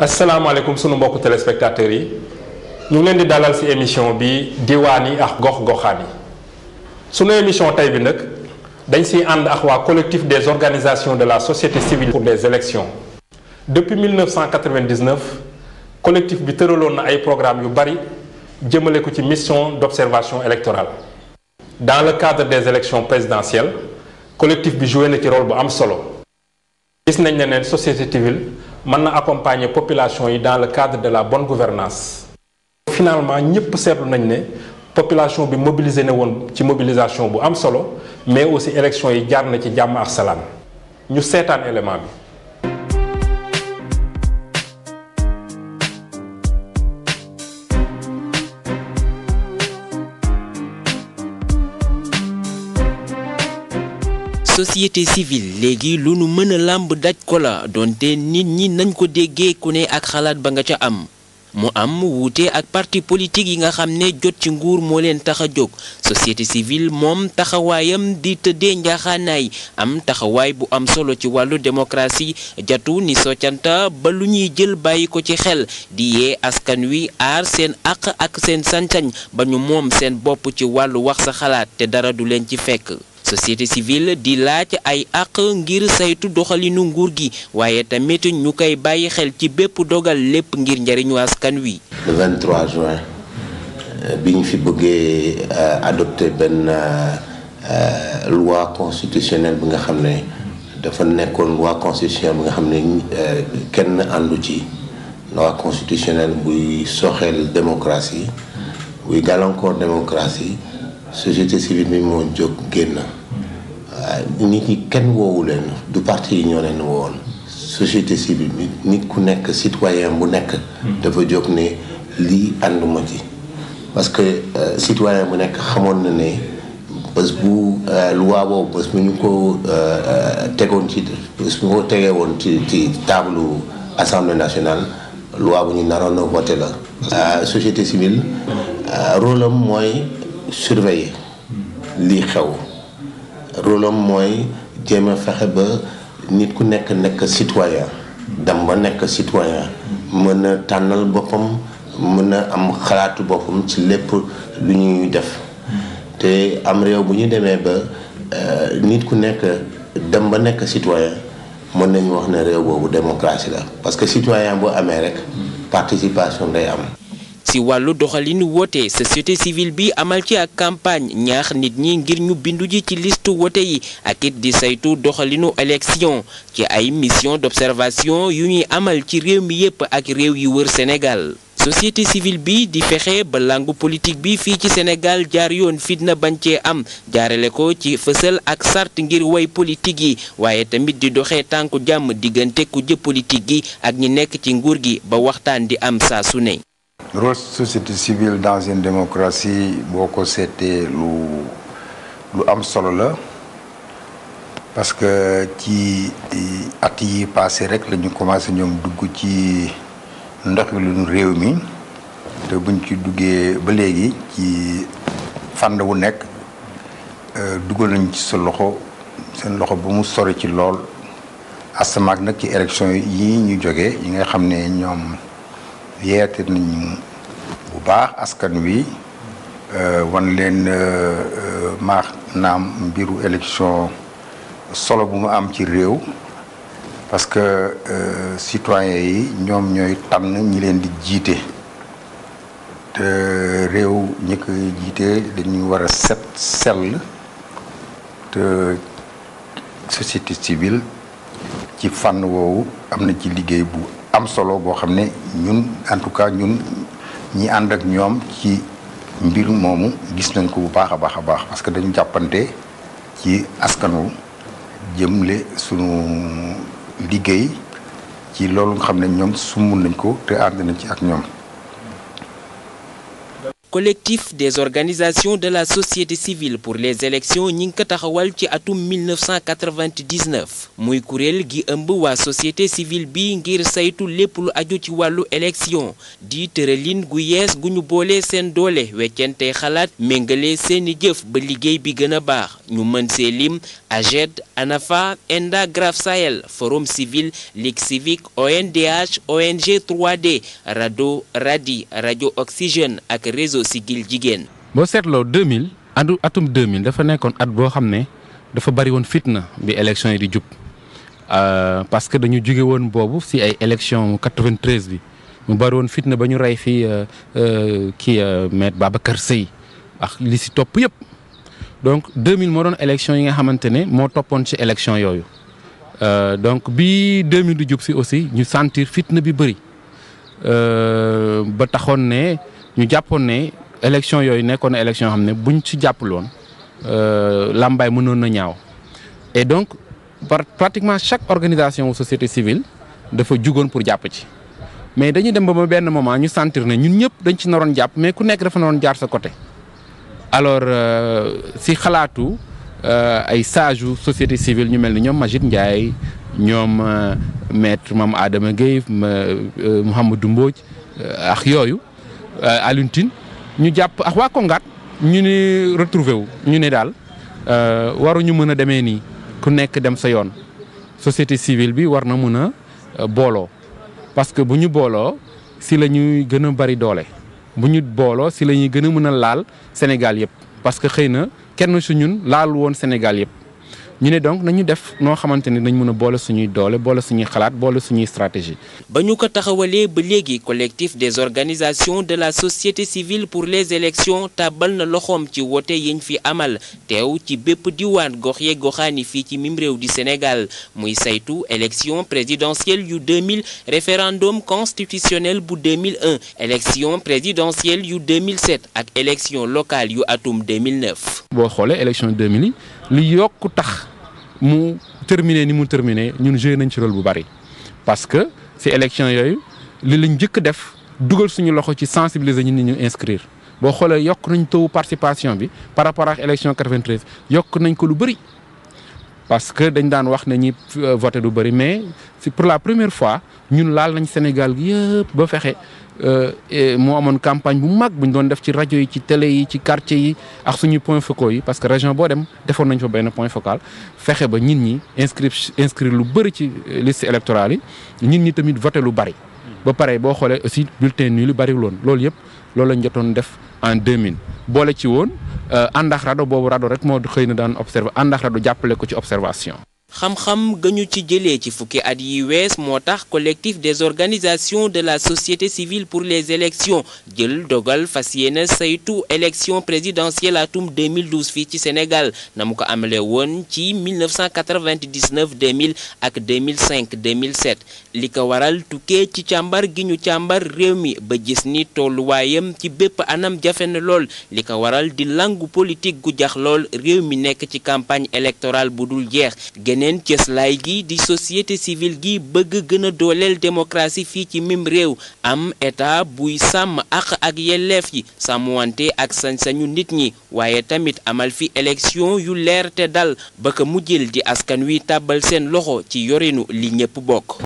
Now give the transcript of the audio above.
asalaamaaleykum sunu mbokku téléspectateurs yi ñu ngi leen di dalal ci émission bi diwaan yi ak gox-goxaan yi sunu émission tey bi nag dañ ciy ànd ak waa collectif des organisations de la société civile pour les élections depuis 1999 collectif bi tëraloon na ay programme yu bari jëmale ko ci mission d'observation électorale dans le cadre des élections présidentielles collectif bi joué na ci rôle bu am solo gis nañ ne ne société civile mën na accompagner population yi dans le cadre de la bonne gouvernance finalement ñëpp seetlu nañ ne population bi mobilisé na woon ci mobilisation bu am solo mais aussi élection yi jaar na ci jàmm ak ñu seetaan élément bi société civile léegi lu nu mën a làmb daj ko la doonte nit ñi nañ ko déggee ku ne ak xalaat ba nga ca am mu am wuute ak parti politique yi nga xam ne jot ci nguur moo leen tax a jóg société civile moom taxawaayam di tëddee njaaxaanaay am taxawaay bu am solo ci wàllu démocratie jatu ni soccanta ba lu ñuy jël bàyyi ko ci xel di yee askan wi aar seen àq ak seen sañ ba ñu moom seen bopp ci wàllu wax sa xalaat te dara du leen ci fekk société civile di laaj ay àq ngir saytu doxalinu nguur gi waaye tamit ñu koy bàyyi xel ci bépp dogal lépp ngir njariñu askan wi. le 23 juin euh, bi ñu fi bëggee euh, adopté benn euh, loi constitutionnelle bi nga xam ne dafa nekkoon loi constitutionnelle bi nga xam ne kenn àndu ci loi constitutionnelle buy soxeel démocratie buy gàllankoor démocratie. société civile bi moo jóg génn nit ñi kenn woowu leen du parti yi ñoo leen woon société civile bi nit ku nekk citoyen bu nekk dafa jóg ne lii ànduma ci parce que euh, citoyen bu nekk xamoon na ne bés bu euh, loi boobu bés bu ñu ko euh, tegoon ci bés bu ko tegee woon ci ci table assemblée nationale loi bu ñu naroon a voté la société civile rôle mooy surveiller lii xew rôlam mooy jéem a fexe ba nit ku nekk nekk citoyen dem ba nekk citoyen mën na tànnal boppam mën na am xalaatu boppam ci lépp lu ñuy def te am réew bu ñu demee ba euh, nit ku nekk dem ba nekk citoyen mën nañu wax ne réew boobu démocratie la parce que citoyen boo amee rek participation day am ci wàllu doxalinu woote société civile bi amal ci ak campagne ñaax nit ñi ngir ñu bindu ji ci listu woote yi ak it di saytu doxalinu élection ci ay mission d'observation yu ñuy amal ci réew mi yépp ak réew yi wër Sénégal société civile bi di fexe ba langu politique bi fii ci Sénégal jaar yoon fitna bañ cee am jaarale ko ci fësal ak sart ngir woy politique yi waaye tamit di doxe tànku jàmm diggante ku jë gi ak ñi nekk ci nguur gi ba waxtaan di am saa su ne rôle société civile dans une démocratie boo ko seetee lu lu am solo la parce que ci at yi passé rek la ñu commencé ñoom dugg ci ndox luñu réew mi te buñ ci duggee ba léegi ci fànn wu nekk euh, dugg nañ ci sa loxo seen loxo ba mu sori ci lool asamaak nag ci élection yi ñu jógee yi nga xam ne ñoom yeete nañu bu baax askan wi euh, wan leen euh, euh, maanaam mbiru élection solo bu mu am ci réew parce que citoyen yi ñoom ñooy tànn ñi leen di jiite te réew ñi ko jiite dañuy war a set sell te société civile ci fànn woowu am na ci liggéey bu am solo boo xam ne ñun en tout cas ñun ñi ànd ak ñoom ci mbir moomu gis nañ ko bu baax a baax a baax parce que dañu jàppante ci askanwu jëmle sunu liggéey ci loolu xam ne ñoom sumb nañ ko te ànd nañ ci ak ñoom. collectif des organisations de la société civile pour les élections ñi ngi ko taxawal ci atum 1999 muy kuréel gi ëmb waa société civile bi ngir saytu lépp lu aju ci wàllu élection di tëralin gu yees gu ñu boole seen doole weccente xalaat méngale seeni jëf ba liggéey bi gën a baax ñu mën see lim AGED, ANAFA, ENDA, Graf Sahel, Forum Civil, Ligue Civique, ONDH, ONG 3D, RADO, RADI, Radio Oxygène ak réseau Siggil Jigéen. boo seetloo 2000 andu atum 2000 dafa nekkoon at boo xam ne dafa bari woon fitna bi élection yi di jub euh, parce que dañu jóge woon boobu si ay élection 93 bi mu bari woon fitna ba ñu rey fii euh, euh, kii maître Babacar Seye ak li si topp yëpp. donc 2000 moo doon élection yi nga xamante ne moo toppoon ci élection yooyu euh, donc bi 2000 di jub si aussi ñu sentir fitna bi bëri euh, ba taxoon ne ñu jàppoon ne élection yooyu nekkoon na xam ne bu ñu ci jàppul woon euh, làmbaay mënoon na ñaaw et donc par pratiquement chaque organisation ou société civile dafa jugoon pour jàpp ci mais dañu dem ba benn moment ñu sentir ne ñun ñëpp dañ ci naroon jàpp mais ku nekk dafa naroon jaar sa côté. alors euh, si xalaatu euh, ay sage yu société civile ñu mel ni ñoom Majid Ndiaye ñoom euh, maître Mame Adama Guèye Mouhamadou Mbodj ak yooyu Alioune Tine ñu jàpp ak waa Kongat ñu ni retrouvé wu ñu ne daal waruñu mën a demee nii ku nekk dem sa yoon société civile bi war na mën a booloo parce que bu ñu booloo si la ñuy gën a bari doole. bu ñu booloo si la ñuy gën a mën a laal Sénégal yëpp parce que xëy na kenn su ñun laal woon Sénégal yëpp ñu ne donc nañu def noo xamante ni dañ mën a boole suñuy doole boole suñuy xalaat boole suñuy stratégie. ba ñu ko taxawalee ba léegi collectif des organisations de la société civile pour les élections tàbbal na loxoom ci wote yiñ fi amal teew ci bépp diwaan gox yeeg goxaani fii ci mim réew di Sénégal muy saytu élection présidentielle yu 2000 référendum constitutionnel bu 2001 élection présidentielle yu 2007 ak élection locale yu atum 2009. boo xoolee élection 2000 li yokk mu terminer ni mu terminer ñun joué nañ ci rôle bu bari parce que si élection yooyu li lañ njëkk def dugal suñu loxo ci sensibiliser ñu ni ñu inscrire boo xoolee yokk nañ taux participation bi par rapport ak élection 93 yokk nañ ko lu bëri. parce que dañ daan wax ne ñi lu euh, du bëri mais pour la première fois ñun laal nañ Sénégal yëpp ba fexe. Euh, moo amoon campagne bu mag bu ñu doon def ci rajo yi ci télé yi ci quartier yi ak suñu points focaux yi parce que région boo dem defoon nañ fa benn point focal fexe ba nit ñi inscri inscrire lu bëri ci liste électorale yi nit ñi tamit voté lu bëri. ba pare boo xoolee aussi bulletin nul lu bëriwul woon loolu yëpp loolu lañ jotoon def en mille boole ci woon euh, àndax rado boobu rado rek moo xëy na daan observé àndax rado jàppale ko ci observation. xam-xam gëñu ci jëlee ci fukki at yi wees moo tax collectif des organisations de la société civile pour les élections jël dogal fas yéene saytu élection présidentielle atum 2012 fii ci Sénégal na mu ko amale woon ci 1999 2000 ak 2005 2007 li ko waral tukkee ci càmbar gi ñu càmbar réew mi ba gis ni tolluwaayam ci bépp anam jafe na lool li ko waral di langu politique gu jax lool réew mi nekk ci campagne électorale bu dul jeex beneen cëslaay gi di société civile gi bëgg gën a dooleel démocratie fii ci mim réew am état buy sàmm àq ak yelleef yi sàmmwante ak sañ-sañu nit ñi waaye tamit amal fi élection yu leer te dal ba ko jël di askan wi tàbbal seen loxo ci yorinu li ñépp bokk